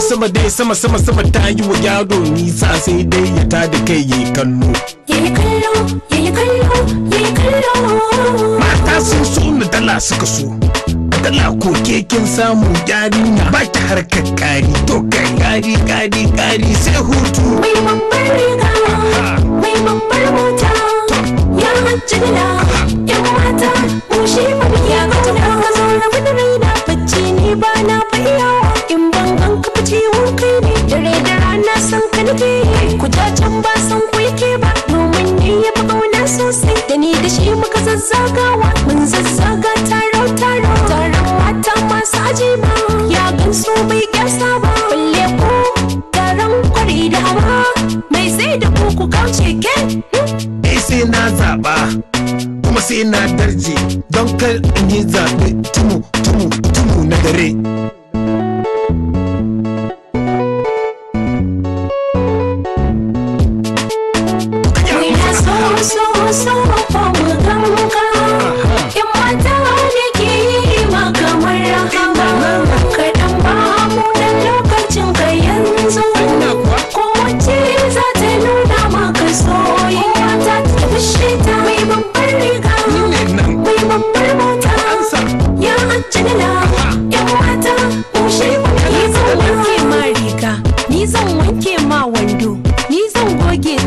sama dai sama sama sama ta yi wa yaro nisa sai dai ya ta da kai ya kallo kallo kallo kallo mata sun so na dala suka so dala ko kekin samu na. ba ki harkar kari to kai kari kari kari sai hutu mai babbar riga mai babbar mota ya hajji dala yan mata mushe mabiya ga tuna ka zo rabu budurai na. bacci ni ba na da shi muka zazzagawa mun zazzaga taro taro taron mata masu aji ba ya gamsu bai gyasa ba kulle ku taron kwari da mai sai da ku ku kauce ke eh sai na zaba kuma sai na darje don kar in yi zaɓe tumu tumu tumu na dare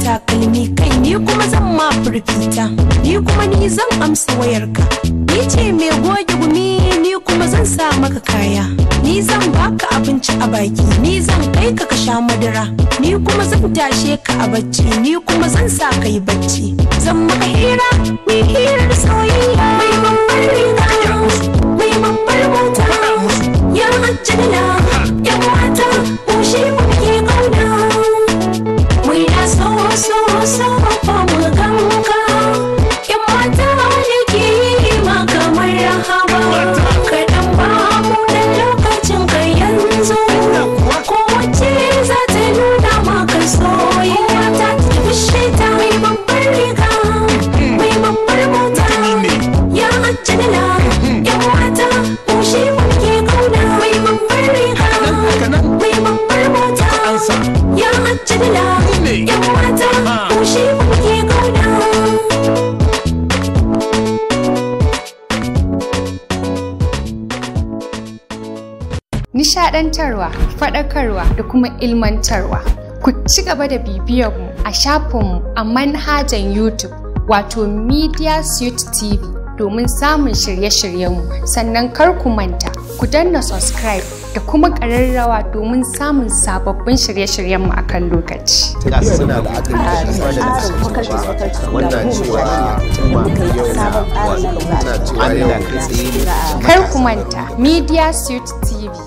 takalmi kai ni kuma zan ma firfita, ni kuma ni zan amsa wayarka ni ce mai goge gumi ni kuma zan sa maka kaya ni zan baka abinci a baki ni zan kai ka ka sha madara ni kuma zan tashe ka a bacci ni kuma zan sa kai bacci zan maka hira mai hirar soyayya nishadantarwa, faɗakarwa da kuma ilmantarwa. Ku ci gaba da bibiyarmu a shafinmu a manhajan YouTube wato Media Suite TV domin samun shirye-shiryenmu sannan kar ku manta ku danna subscribe da kuma ƙararrawa domin samun sababbin shirye-shiryenmu a kan lokaci. Kar ku manta Media Suite TV.